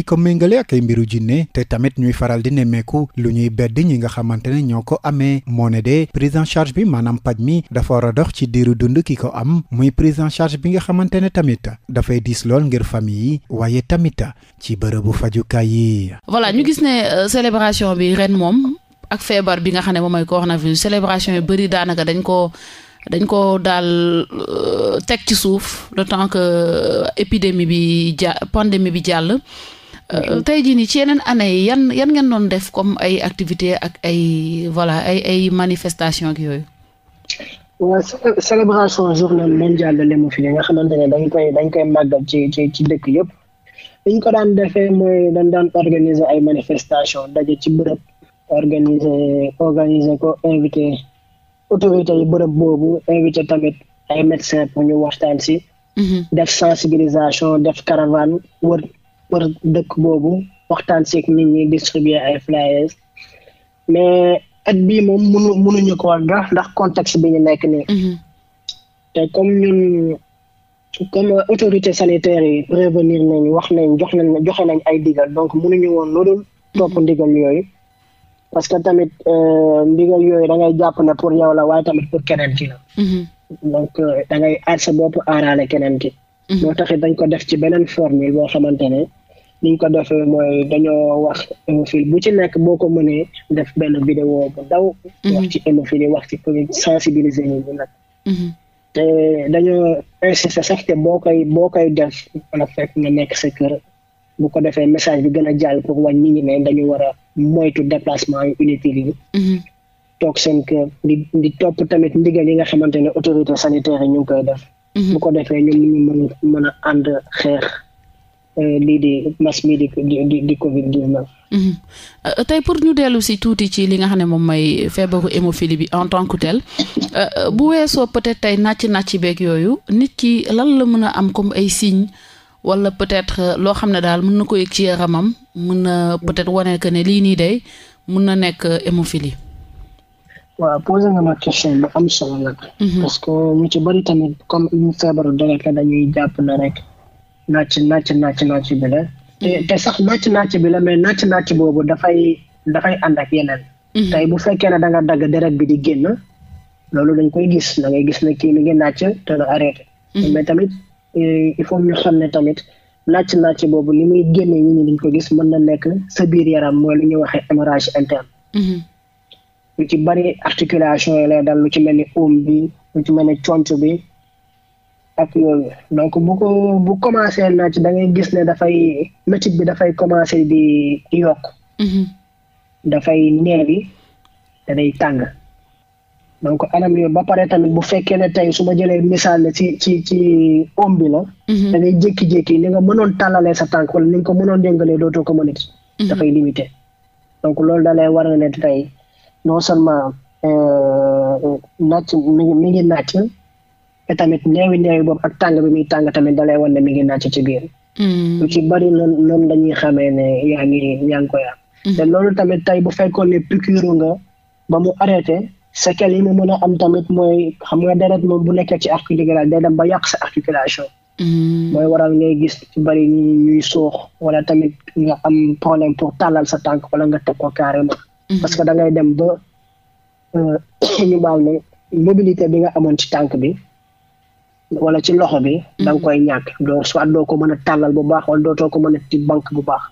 comme méngale ak mbiru jinne te tamit ñuy faral di nemmeeku lu ñuy bedd ñi nga xamante ne ñoo ko amee moo ne de prise en charge bi maanaam paj mi dafa war a dox ci diiru dund ki ko am muy prise en charge bi nga xamante ne tamit dafay diis lool ngir famille yi waaye tamit ci bërëbu fajukaay yi. voilà ñu gis ne euh, célébration bi ren moom ak feebar bi nga xam ne moom mooy coronavirus célébration yi bëri daanaka dañ ko dañ ko daal euh, teg ci suuf le temps que euh, épidémie bi ja pandémie bi jàll. tey jii nii ci yeneen année yi yan yan ngeen doon def comme ay activité ak ay voilà ay ay manifestation ak yooyu. waaw célébration journée mondiale fi l'hémophilie nga xamante ne dañ koy dañ koy màggal ci ci ci dëkk yëpp. liñ ko daan defee mooy dañ daan organiser ay manifestation daje ci bërëb organiser organiser ko invité autorité yi bërëb boobu invité tamit ay médecins pour ñu waxtaan ci mm-hmm. def sensibilisation def caravane wër dëkk boobu waxtaan seeg nit ñi distribuer ay flyers mais at bii moom munu munuñu koon war ndax context bi ñu nekk nii mhm. te comme ñun comme autorité sanitaire yi prévenir nañ wax nañ jox nañ joxe nañ ay diggal donc munuñu woon lu dul topp mhm. ndigal yooyu parce que tamit euh, ndigal yooyu da ngay jàpp ne pour yow la waaye tamit pour keneen ki la mhm. donc euh, da aar sa bopp aaraale keneen ki moo mhm. taxit dañ ko def ci beneen formule boo xamante ne niñ ko defee mooy dañoo wax hémophile bu ci nekk boo ko mënee def benn vidéo bu ndaw mhm. wax ci hémophile wax ci pour sensibiliser nit ñi nag mhm. te dañoo insister sax te boo koy boo koy def wala fekk nga nekk sa kër bu ko defee message bi gën a jàll pour wañ nit ñi ne dañu war a moytu déplacement yu inutile toog seen kër di di topp tamit ndigal yi nga xamante ne autorité sanitaire yi ñu ngi koy def Mm-hmm. bu ko defee ñun ñu mën a ànd xeex euh, lii di mas di di Covid mm-hmm. euh, tey pour ñu dellu si tuuti ci li nga xam ne moom may feebaru hémophilie bi en tant que tel euh, bu weesoo peut-être tey nàcc nàcc beeg yooyu nit ki lan la mën a am comme ay signes wala peut-être loo xam ne daal mën na ko yëg ci yaramam mën na peut-être wane que ne lii nii day mën na nekk hémophilie. waaw posé nga ma question bu am solo nag. Mhm. parce que ñu ci bëri tamit comme ñu feebaru deret la dañuy jàpp na rek naaj naaj naaj naaj bi la. te mhm. sax naaj naaj bi la mais naaj naaj boobu dafay dafay ànd ak yeneen. Mhm. tey bu fekkee ne da dagg deret bi di génn loolu dañ koy gis na ngay gis na kii mi ngi naaj te du arrêté. mais tamit eh, il faut ñu xam ne tamit naaj naaj boobu li muy génnee ñu ni dañ ko gis mën na nekk sa biir yaram mooy lu ñuy waxee hémorragie interne. lu ci bari articulation yi lay dal lu ci mel ni óom bi lu ci mel ni conc bi ak yooyu donc bu ko bu commencé naaj da ngay gis ne dafay métit bi dafay commencé bi yokk mhm. dafay neer yi danay tàng donc anam yooyu ba pare tamit bu fekkee ne tey su ma jëlee misaal ne ci ci ci om bi la mhm. da jékki-jékki ni nga mënoon tàllalee sa tànk ko mënoon déngalee dootoo mhm. war na ne tey non seulement euh, naaj mi ngi mi ngi naaj te tamit néewi néewi boobu ak tàng bi muy tàng tamit dalay wan na mi ngi naaj ci biir. Mm. lu ci bari noonu noonu dañuy xamee ne yaa ngi yaa koy am. Mm. loolu tamit tey bu fekkoon ne piqûre nga ba mu arrêté séquelles yi mu mën am tamit mooy xam nga deret moom bu nekkee ci articulation day dem ba yàq sa articulation. Mm. mooy waral ngay gis ci bari ñuy ñuy wala tamit nga am problème pour tàllal sa tànk wala nga teg ko carrément. Mm-hmm. parce que da ngay dem ba euh, ñu baaw mobilité bi nga amoon ci tànk bi wala ci loxo bi mm-hmm. da nga koy ñàkk doo soit doo ko mën a tàllal bu baax wala dootoo ko mën a ci banque bu baax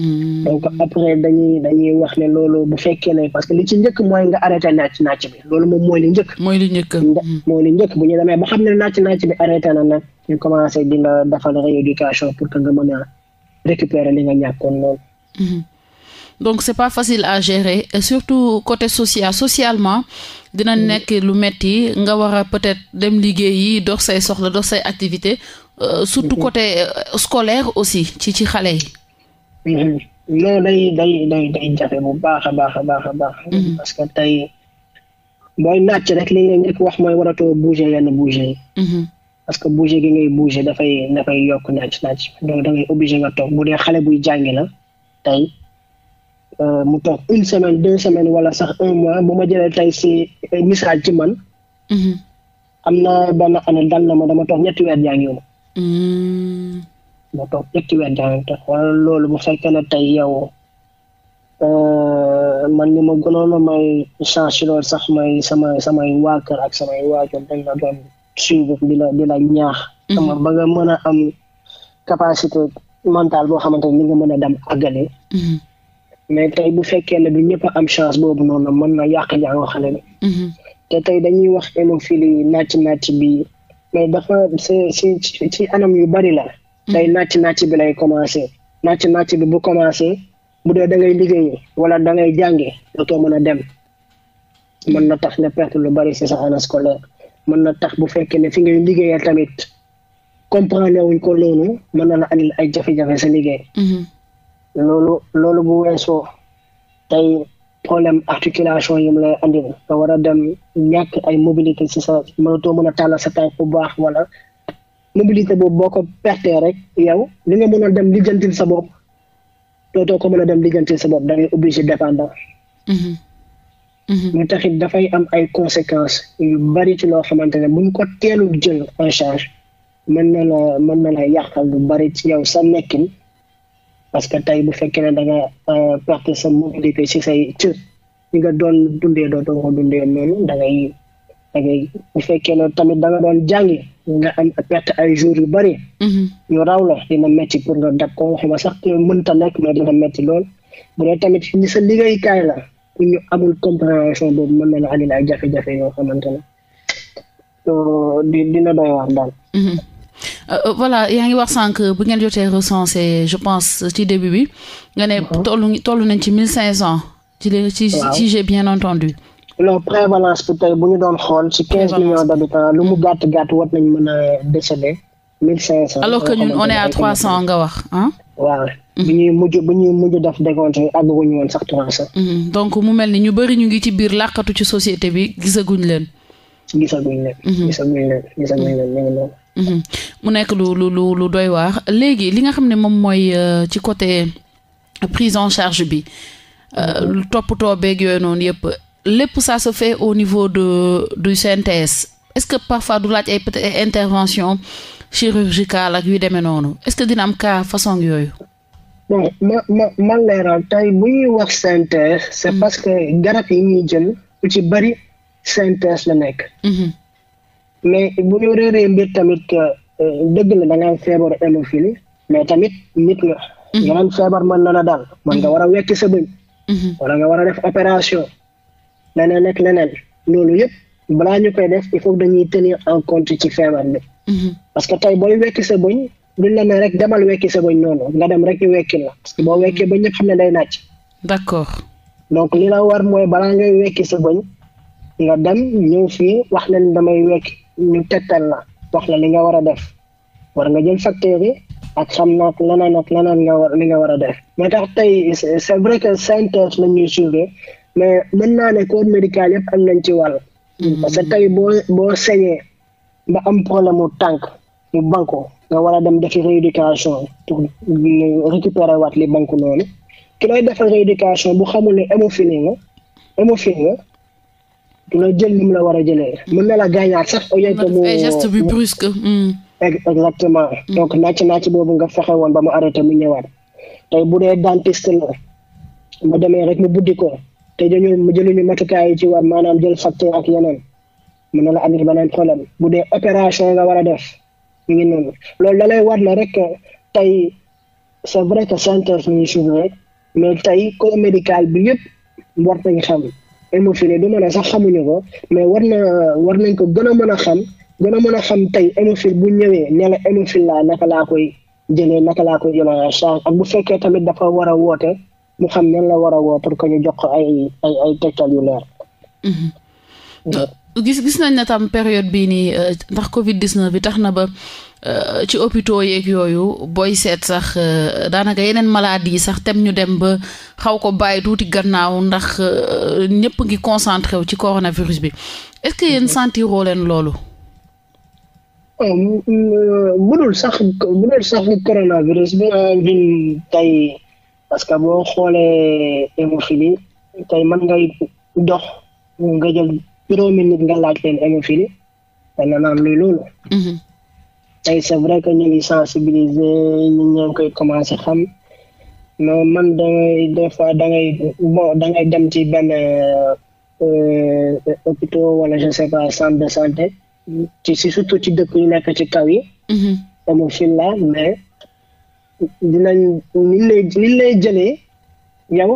mm-hmm. donc après dañuy dañuy wax ne loolu bu fekkee ne parce que li ci njëkk mooy nga arrêté naaj naaj loolu moom mooy li njëkk mooy li njëkk mooy li njëkk demee ba xam ne naaj naaj bi arrêté na nag ñu commencé di la defal rééducation pour que nga mën a récupérer li nga ñàkkoon loolu donc c'est pas facile à gérer et surtout côté social socialement dina mm. nekk lu metti nga war a peut-être dem liggéey yi dox say soxla dox say activité euh, surtout mm-hmm. côté euh, scolaire aussi ci ci xale yi loolu mm-hmm. day day day jafe bu baax a baax a baax a baax mm-hmm. parce que tey booy nàcc rek li nga wax mooy warato bouger yenn bouger yi parce que bouger gi ngay bouger dafay dafay yokk nàcc nàcc donc da ngay obligé nga toog bu dee xale buy jàngi la tey Euh, mu toog une semaine deux semaines wala sax un mois bu ma jëlee tey si eh, misaal ci man. Mhm. am na benn année dal na ma dama toog ñetti weer jàngiwuma. Mm. ma toog ñetti weer jàngiwuma wala loolu bu fekkee na tey yow euh, man ni ma gënoon a may chance loolu sax may sama samay waa kër ak samay waajur dañ la doon ñaax. Mhm. sama ba nga mën a am capacité mentale boo xamante ni nga mën a dem àggale. Mhm. mais tey bu fekkee ne du ñëpp am chance boobu noonu mën na yàq njàngu xale bi. Mhm. te tey dañuy wax hémophilie nàcc nàcc bi mais dafa ci ci anam yu bari la. Mhm. tey nàcc nàcc bi lay commencé. nàcc nàcc bi bu commencé bu dee da ngay liggéeyi wala da ngay jànge dootoo mën a dem mën na tax nga perte lu bari ci sa année scolaire mën na tax bu fekkee ne fi ngay liggéeyee tamit comprendre wuñ ko loolu mën na la andil ay jafe-jafe sa liggéey. Mhm. loolu loolu bu weesoo tey problème articulation yi mu lay andil nga war a dem ñàkk ay mobilité si sa mënatoo mën a tàllal sa tànk bu baax wala mobilité boobu boo ko perte rek yow li nga mën a dem lijjantil sa bopp dootoo ko mën a dem lijjantil sa bopp da ngay obligé dépendant ñu mhm. mhm. taxit dafay am ay conséquences yu bari ci loo xamante ne buñ ko teelu jël en charge mën na la mën na la yàqal lu bari ci yow sa nekkin parce que tey bu fekkee ne da euh, perte sa mobilité si say cër li nga doon dundee doo ko dundee noonu da bu fekkee ne tamit da doon jàngi nga am perte ay jours yu bëri. Mhm. yu raw la dina métti pour nga dab ko waxuma sax mënta nekk mais dina métti lool bu dee tamit ni sa liggéeykaay la ñu amul compréhension boobu mën na la ay jafe-jafe yoo xamante ne dina doy waar daal. Mhm. Euh, euh, voilà yaa ngi wax sànq bu ngeen jotee recensé je pense ci début bi nga ne mhm. tollu toll nañ ci mille cinq cent ci l ci si j'ai bien entendu non prévalence bi bu ñu doon xool ci quinze millions d'habitants lu mu gàtt gàtt war nañ mën a décédé mille cinq que ñun on est trois cent nga wax ah waaw mhm. bi ñuy mujj mujj def décompte yi woon sax trois cent mhm. donc mu mel ni ñu bëri ñu ngi ci biir làqatu ci société bi gisaguñ leen gisaguñ leen gisaguñ leen gisaguñ leen Mhm. mu nekk lu lu lu lu doy waax léegi li nga xam ne moom mooy euh, ci côté euh, prise en charge bi euh, toppatoo beeg yooyu noonu yëpp lépp ça se fait au niveau de du CNTS est-ce que parfois du laaj ay peut-être intervention chirurgicale ak yu demee noonu est-ce que dina am cas façon yooyu. bon ma ma leeral tey bu ñuy wax synthèse. c'est mhm. parce que garab yi ñuy jël lu ci bari synthèse la nekk. Mhm. mais bu ñu réeree mbir tamit euh, dëgg la da nga am mais tamit nit nga. Mhm. yeneen feebar mën na daal man nga mhm. war a wekki sa bëñ. Mhm. wala nga war a def opération. leneen ak leneen loolu yëpp balaa ñu koy def il faut dañuy tenir en compte ci feebar bi. parce que tey booy wekki sa bëñ duñ la ne rek demal wekki sa bëñ noonu nga dem rek ñu wekki la parce que boo wekkee ba ñëpp xam ne day naaj. d'accord donc li la war mooy balaa ngay wekki sa bëñ nga dem ñëw fii wax leen damay wekki. ñu tegtal la wax la li nga war a def war nga jël facteurs yi ak xam naag leneen ak leneen nga war li nga war a def moo tax tey c'est vrai que synthèse la ñuy suivre mais mën naa ne corps médical yëpp am nañ ci wal mm-hmm. parce que tey boo boo sañee ba am problème mu tànk mu banko nga war a dem defi rééducation pour récupérer waat li banku noonu ki lay defal rééducation bu xamul ne hémophile nga hémophile nga du la jël ni mu la war a jëlee mën na la gaañaat sax o lieu que mu ay geste bu hmm. exactement hmm. donc naaj ci naaj boobu nga fexe woon ba mu arrêté mu ñëwaat tey bu dee dentiste la ma demee rek mu buddi ko te dañu mu jëluñu matukaay yi ci war maanaam jël facture ak yeneen mun na la andil beneen problème bu dee opération nga war a def mu ngi noonu loolu da lay war na rek tey c'est vrai que centre ñu suivre mais tey corps médical bi yëpp war nañ xam. hémophilie du ma ne sax xamuñu ko mais war na war nañ ko gën a mën a xam gën a mën a xam tey hémophile bu ñëwee ne la hémophile laa naka laa koy jëlee naka laa koy jëlee change ak bu fekkee tamit dafa war a woote mu xam nan la war a woo ko que ñu jox ay ay ay tegtal yu leer. Mhm. gis gis nañ ne tam période bii nii euh, ndax Covid 19 bi tax na ba euh, ci hôpitaux yeeg yooyu booy seet sax euh, daanaka yeneen maladies yi sax tem ñu dem ba xaw ko bàyyi tuuti gannaaw ndax ñëpp ngi concentré wu ci coronavirus bi est-ce que yéen mm-hmm. sentiroo leen loolu. budul sax budul sax coronavirus bi parce que boo xoolee hémophilie tey mën ngay dox nga jël. juróomi nit nga laaj leen hémophilie dana naan luy loolu. Mhm. tey c'est vrai que ñu ngi sensibiliser ñun ñoo koy commencé xam mais man dangay des fois dangay bon dangay dem ci benn euh, euh, hôpital wala je sais pas centre de santé si surtout ci dëkk yu nekk ci kaw yi. hémophile la mais dinañ ni lay ni lay jëlee yow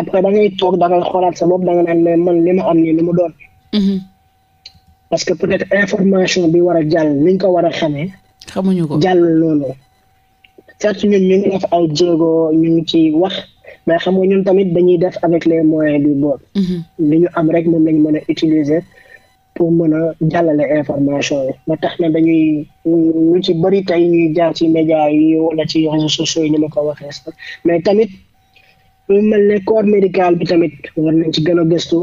après dangay toog dangay xoolaat sa bopp danga naan mais man li ma am nii li mu doon. Mhm. parce que peut-être information bi war a jàll ni ko war a xamee. xamuñu ko jàll loolu. certes ñun ñu ngi def ay jéego ñu ngi ci wax mais xam nga ñun tamit dañuy def avec les moyens du bord. Mhm. ñu am rek moom lañ mën a utiliser pour mën a jàllale information yi ba tax na dañuy ñu ci bëri tey ñuy jaar ci médias yi wala ci réseaux sociaux yi ni ma ko waxee sax mais tamit lu mel ne médical bi tamit war nañ ci gën a gëstu.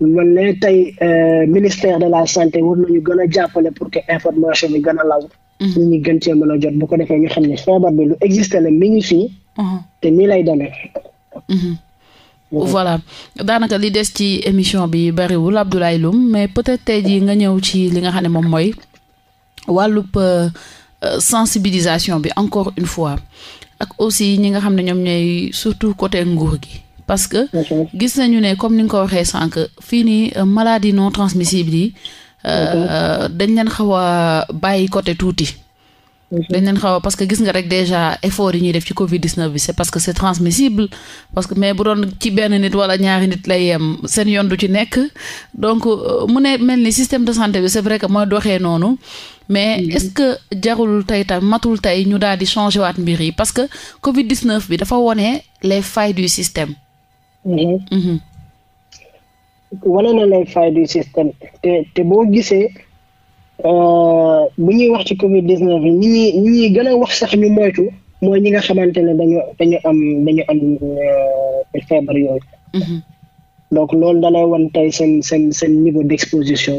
loolee tey euh, ministère de la santé war nañu gën a jàppale pour que information bi gën a law ñu mm-hmm. ñu gën cee jot bu ko defee ñu xam ne feebar bi lu existe la mi ngi fii mm-hmm. te nii lay demee mm-hmm. voilà daanaka li des ci émission bi bariwul Abdoulaye Loum mais peut-être tey jii nga ñëw ci li nga xam ne moom mooy wàllub euh, euh, sensibilisation bi encore une fois ak aussi ñi nga xam ne ñoom ñooy surtout côté nguur gi parce que gis nañu ne comme ni nga ko waxee sànq fii nii euh, maladie non transmissible yi euh, euh, dañ leen xaw a bàyyi côté tuuti dañ leen xaw a parce que gis nga rek déjà effort yi ñuy def ci Covid 19 bi c'est parce que c'est transmissible parce que mais bu doon ci benn nit wala ñaari nit lay yem seen yoon du ci nekk donc mu ne mel ni système de santé bi c'est vrai que mooy doxee noonu mais mm-hmm. est-ce que jarul tey tam matul tey ñu daal di changer waat mbir yi parce que Covid 19 bi dafa wone les failles du système. Mm-hmm. Mm-hmm. wane na lay faille du système te te boo gisee euh, bu ñuy wax ci Covid 19 ñi ñuy ñi ñuy gën a wax sax ñu moytu mooy ñi nga xamante ne dañu dañu am dañu am euh, feebar yooyu. Mm-hmm. donc loolu da lay tey seen seen seen niveau d' exposition.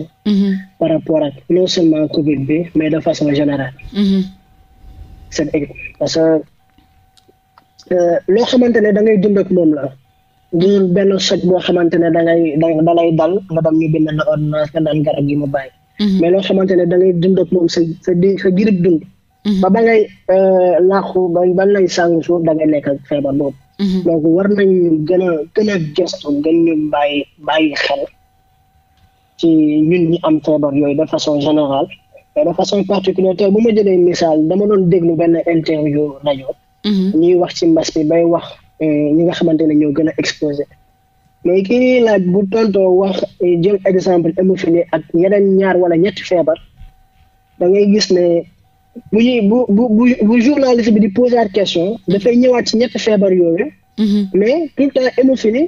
par rapport ak non seulement Covid bi mais de façon générale. seen parce que euh, loo xamante ne da ngay dund moom la. dul benn choc boo xamante ne da ngay da lay dal nga dem ñu bind la ordonnance nga naan garab yi mu bàyyi. Mhm. mais loo xamante ne da ngay dund ak moom sa sa sa girig dund. Mhm. Euh, ba ba ngay laaxu ba ba lay sàng suuf da ngay nekk ak feebar boobu. Mhm. donc war nañu gën a gën a gëstu gën ñu bàyyi xel ci ñun ñi am feebar yooyu de façon générale mais de façon particulière tey bu ma jëlee misaal dama doon déglu benn interview rajo. ñuy wax ci mbas bi bay wax. Eh, ñi nga xamante ne ñoo gën a exposé mais kii laaj bu tontoo wax eh, jël exemple hémophilie ak yeneen ñaar wala ñetti feebar da ngay gis ne bu ñuy bu bu bu journaliste bi di poser question dafay ñëwaat ci ñetti feebar yooyu. Mhm. mais tout le temps hémophilie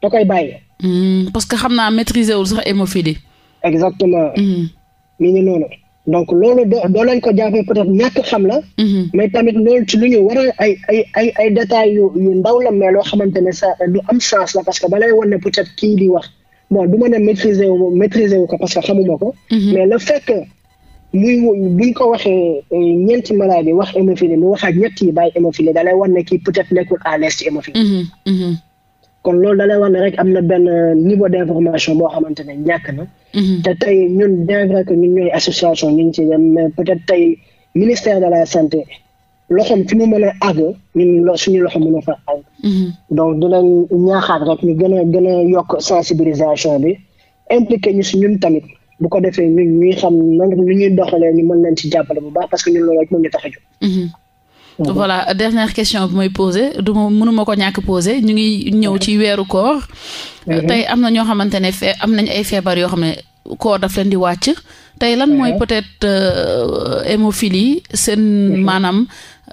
da koy bàyyi. Mhm. parce que xam naa maîtriser sax hémophilie. exactement. Mhm. mi ngi noonu. donc loolu doo doo ko jàppee peut-être xam la. Mm-hmm. mais tamit loolu ci lu ñu war a ay ay ay yu ndaw la mais loo xamante ne sa lu am chance la parce que balay wan ne peut-être kii di wax bon du ma ne maîtriser wu wu ko parce que xamuma ko. Mm-hmm. mais le fait que muy buñ ko waxee eh, ñeenti maladie wax hémophilie mu waxaat ñett yi bàyyi hémophilie da ne kii peut-être à l'aise ci hémophilie. Mm-hmm. kon loolu da lay wax ne rek am na benn niveau d' information boo xamante ne ñàkk na. Mhm. te tey ñun bien vrai que ñun ñooy association ñu ci yem mais peut-être tey ministère de la santé loxoom fi mu mën a àgg ñun lo suñu loxo mën a fa àgg. Mhm. donc dinañ ñaaxaat rek ñu gën a gën a yokk sensibilisation bi impliqué ñu si ñun tamit bu ko defee ñun ñuy xam nan ñu ñuy doxalee ñu mën leen ci jàppale bu baax parce que ñun loolu rek mën ñu tax a voilà dernière question bi mooy posé du moo mënuma ko ñàkk posé ñu ngi ñëw ci weeru koor. Mhm. Euh, tey am na ñoo xamante ne am nañ ay feebar yoo xam ne koor daf leen di wàcc. tey lan mooy peut-être euh, hémophilie seen mhm. maanaam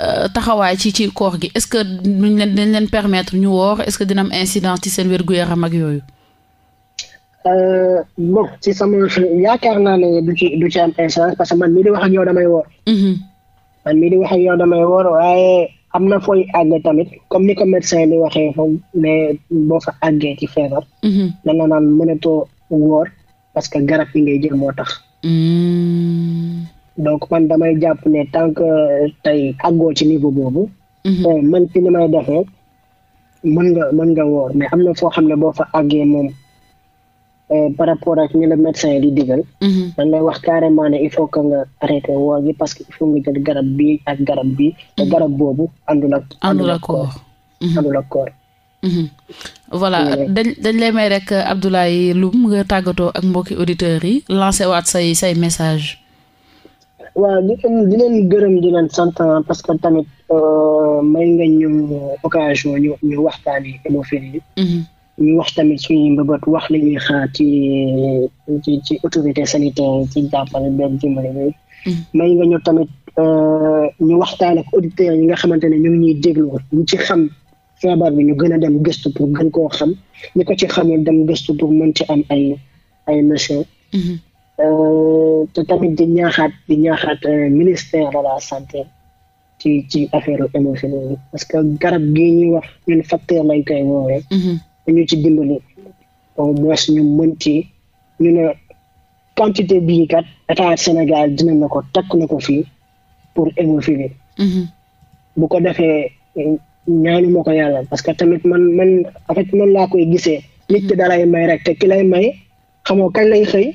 euh, taxawaay ci ci koor gi est-ce que duñ leen dañ leen permettre ñu woor est-ce que dinam am incidence ci seen wér-gu-yaram ak yooyu. ci sama yaakaar naa ne du ci du ci am incidence parce que man mii di wax ak yow damay woor. Mhm. man mii di wax ak yow damay woor waaye am na fooy àgg tamit comme ni ko médecin bi waxee foofu ne boo fa àggee ci feebar. Mhm. da nga naan mënatoo woor parce que garab yi ngay jël moo tax. Mm. donc man damay jàpp ne tant que euh, tey àggoo ci niveau boobu. Mhm. Euh, man fi ni may defee mën nga mën nga woor mais am na foo xam ne boo fa àggee moom. Euh, par rapport ak ñu la médecin yi di digal. Mhm. dañ lay wax carrément ne il faut que nga arrêté woor gi parce que il faut nga jël garab bi ak garab mhm. boobu àndul ak. àndul la koor mhm. àndul ak koor. voilà dañ dañ lay may rek Abdoulaye Loum nga tàggatoo ak mbokki auditeurs yi lancé waat say say message waaw di leen gërëm di leen sant ah, parce que tamit euh, may nga ñu occasion ñu ñu waxtaanee hémophilie yi. ñu wax tamit suñuy mbëbët wax li ñuy xaar ci ci ci autorité sanitaire ci jàppale benn dimbali mm-hmm. bi may nga ñoo tamit euh, ñu waxtaan ak auditeurs yi nga xamante ne ñu ngi ñuy déglu ñu ci xam feebar bi ñu gën a dem gëstu pour gën koo xam ñi ko ci xamul dem gëstu pour mën ci am ay ay leçon mm-hmm. euh, te tamit di ñaaxaat di ñaaxaat euh, ministère de la santé ci ci affaire émotionnelle parce que garab gii ñuy wax ñun facteur lañ koy woowee mm-hmm. ñu ci dimbali au moins ñu mën ci ñu ne quantité bii kat état Sénégal dina na ko takk na ko fii pour hémophilie mhm. bu ko defee ñaanu moo ko yàlla parce que tamit man man en man laa koy gisee. nit ki mhm. da lay may rek te ki lay may xamoo kañ lay xëy.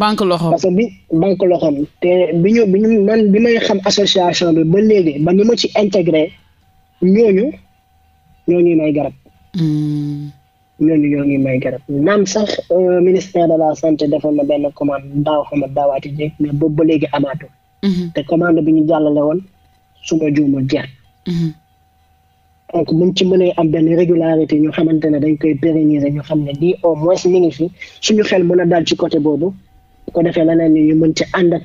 banque loxoom parce que te bi ñu bi ñu bi may xam association bi ba léegi ba ni ma ci intégré ñooñu ñooñu may garab. Mhm. ñooñu ñoo ngi may garab naam sax euh, ministère de la santé defoon na benn commande daaw xam ne daawaati jéeg mais boobu ba léegi amaatu mhm. te commande bi ñu jàllale woon su ma juumul jeex mhm. donc buñ ci mënee am benn régularité ñu xamante ne dañ koy pérenniser ñu xam ne lii au moins mi ngi fi suñu xel mën a daal ci coté boobu ko defee leneen ñu mën ci ànd ak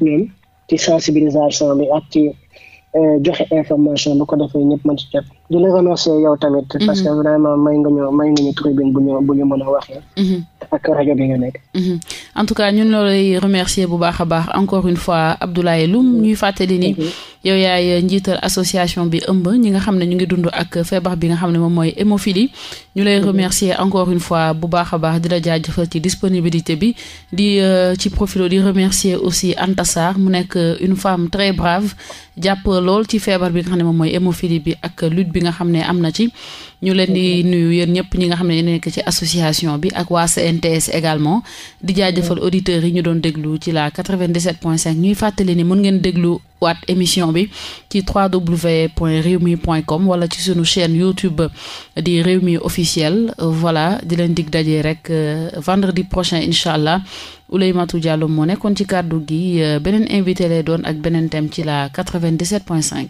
ci sensibilisation bi ak ci euh, joxe information bu ko defee ñëpp mën si jot di la remercier yow tamit. Mhm. parce que vraiment may nga ñu may nga ñu tribune bu ñu mën a waxee. Mhm. ak rajo bi nga nekk. Mhm. en tout cas ñun loo lay remercier bu baax a baax encore une fois Abdoulaye Loum ñuy fàttali ni. yow yaay njiital association bi ëmb ñi nga xam ne ñu ngi dund ak feebar bi nga xam ne moom mooy hémophilie ñu lay mm-hmm. remercier encore une fois bu baax a baax di la jëfal ci disponibilité bi di euh, ci profilo di remercier aussi Anta mu nekk euh, une femme très brave jàpp lool ci feebar bi nga xam ne moom mooy hémophilie bi ak lutte bi nga xam ne am na ci ñu leen di nuyu yéen ñëpp ñi nga xam ne nekk ci association bi ak waa CNTS également di jaajëfal auditeurs yi ñu doon déglu ci la 97.5 ñuy fàttali ni mën ngeen déglu waat émission bi ci www.rewmi.com wala ci sunu chaîne YouTube di Rewmi officiel voilà di leen dig dajee rek euh, vendredi prochain incha allah Ouleymatou Diallo moo nekkoon ci kàddu gi euh, beneen invité lay doon ak beneen thème ci la 97.5.